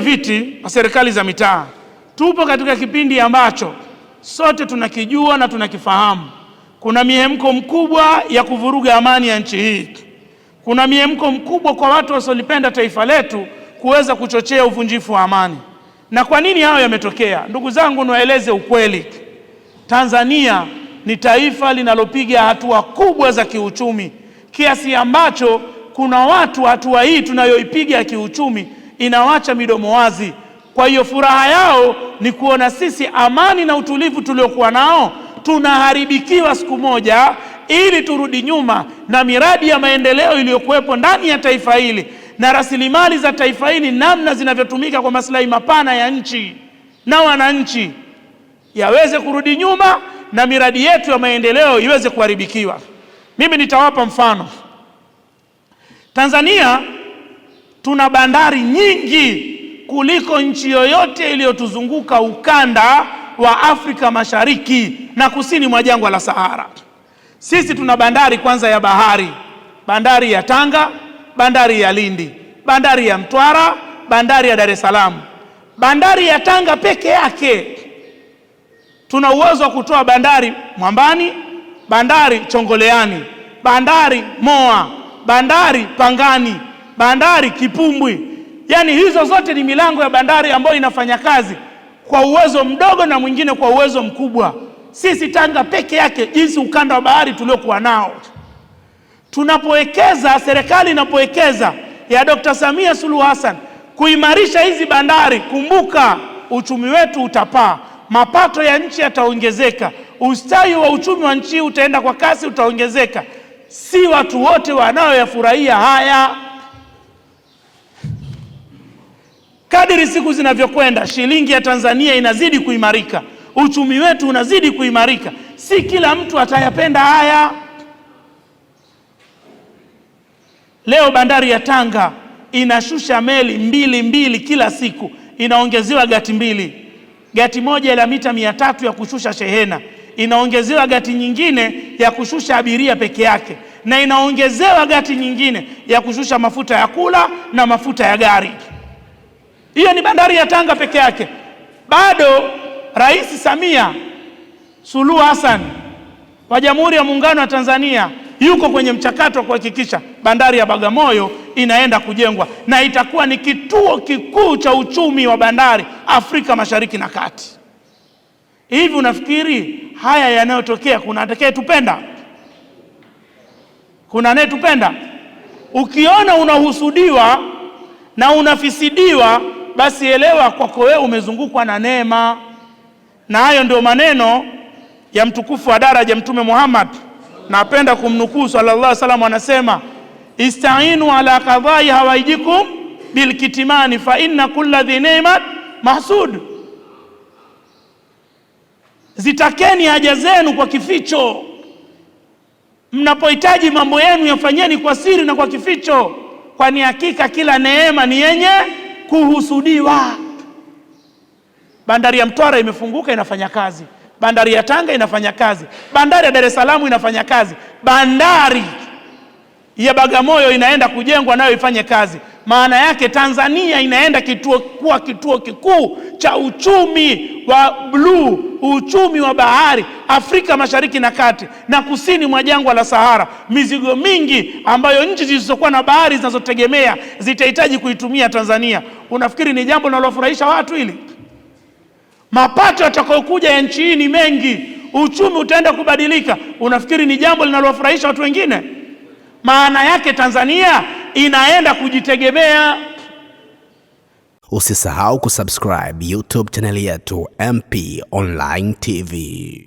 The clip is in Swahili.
Viti na serikali za mitaa, tupo katika kipindi ambacho sote tunakijua na tunakifahamu. Kuna mihemko mkubwa ya kuvuruga amani ya nchi hii. Kuna mihemko mkubwa kwa watu wasiolipenda taifa letu kuweza kuchochea uvunjifu wa amani. Na kwa nini hayo yametokea? Ndugu zangu, niwaeleze ukweli, Tanzania ni taifa linalopiga hatua kubwa za kiuchumi kiasi ambacho kuna watu hatua hii tunayoipiga ya kiuchumi inawacha midomo wazi. Kwa hiyo furaha yao ni kuona sisi amani na utulivu tuliokuwa nao tunaharibikiwa siku moja, ili turudi nyuma na miradi ya maendeleo iliyokuwepo ndani ya taifa hili na rasilimali za taifa hili, namna zinavyotumika kwa maslahi mapana ya nchi na wananchi, yaweze kurudi nyuma na miradi yetu ya maendeleo iweze kuharibikiwa. Mimi nitawapa mfano Tanzania Tuna bandari nyingi kuliko nchi yoyote iliyotuzunguka ukanda wa Afrika Mashariki na kusini mwa jangwa la Sahara. Sisi tuna bandari kwanza ya bahari, bandari ya Tanga, bandari ya Lindi, bandari ya Mtwara, bandari ya Dar es Salaam. Bandari ya Tanga peke yake tuna uwezo wa kutoa bandari Mwambani, bandari Chongoleani, bandari Moa, bandari Pangani bandari Kipumbwi. Yaani hizo zote ni milango ya bandari ambayo inafanya kazi kwa uwezo mdogo na mwingine kwa uwezo mkubwa. Sisi Tanga peke yake, jinsi ukanda wa bahari tuliokuwa nao, tunapowekeza, serikali inapowekeza ya Dr. Samia Suluhu Hassan kuimarisha hizi bandari, kumbuka uchumi wetu utapaa, mapato ya nchi yataongezeka, ustawi wa uchumi wa nchi utaenda kwa kasi, utaongezeka. Si watu wote wanaoyafurahia haya. Kadiri siku zinavyokwenda, shilingi ya Tanzania inazidi kuimarika, uchumi wetu unazidi kuimarika. Si kila mtu atayapenda haya. Leo bandari ya Tanga inashusha meli mbili mbili kila siku, inaongezewa gati mbili, gati moja la mita mia tatu ya kushusha shehena, inaongezewa gati nyingine ya kushusha abiria peke yake na inaongezewa gati nyingine ya kushusha mafuta ya kula na mafuta ya gari. Hiyo ni bandari ya Tanga peke yake. Bado Rais Samia Suluhu Hassan wa Jamhuri ya Muungano wa Tanzania yuko kwenye mchakato wa kuhakikisha bandari ya Bagamoyo inaenda kujengwa na itakuwa ni kituo kikuu cha uchumi wa bandari Afrika Mashariki na Kati. Hivi unafikiri haya yanayotokea kuna atakayetupenda tupenda? Kuna anayetupenda? Ukiona unahusudiwa na unafisidiwa, basi elewa kwako wewe umezungukwa na neema, na hayo ndio maneno ya mtukufu wa daraja Mtume Muhammad, napenda kumnukuu sallallahu alaihi wasallam, anasema istainu ala kadhai hawaijikum bilkitimani fa inna kulla dhi nimat mahsud, zitakeni haja zenu kwa kificho Mnapohitaji mambo yenu yafanyeni kwa siri na kwa kificho, kwani hakika kila neema ni yenye kuhusudiwa. Bandari ya Mtwara imefunguka inafanya kazi, bandari ya Tanga inafanya kazi, bandari ya Dar es Salaam inafanya kazi, bandari ya Bagamoyo inaenda kujengwa nayo ifanye kazi. Maana yake Tanzania inaenda kituo kuwa kituo kikuu cha uchumi wa bluu uchumi wa bahari Afrika Mashariki na Kati na kusini mwa jangwa la Sahara. Mizigo mingi ambayo nchi zisizokuwa na bahari zinazotegemea zitahitaji kuitumia Tanzania. Unafikiri ni jambo linalofurahisha watu hili? Mapato yatakayokuja ya nchi hii ni mengi, uchumi utaenda kubadilika. Unafikiri ni jambo linalofurahisha watu wengine? Maana yake Tanzania inaenda kujitegemea. Usisahau kusubscribe YouTube chaneli yetu MP Online TV.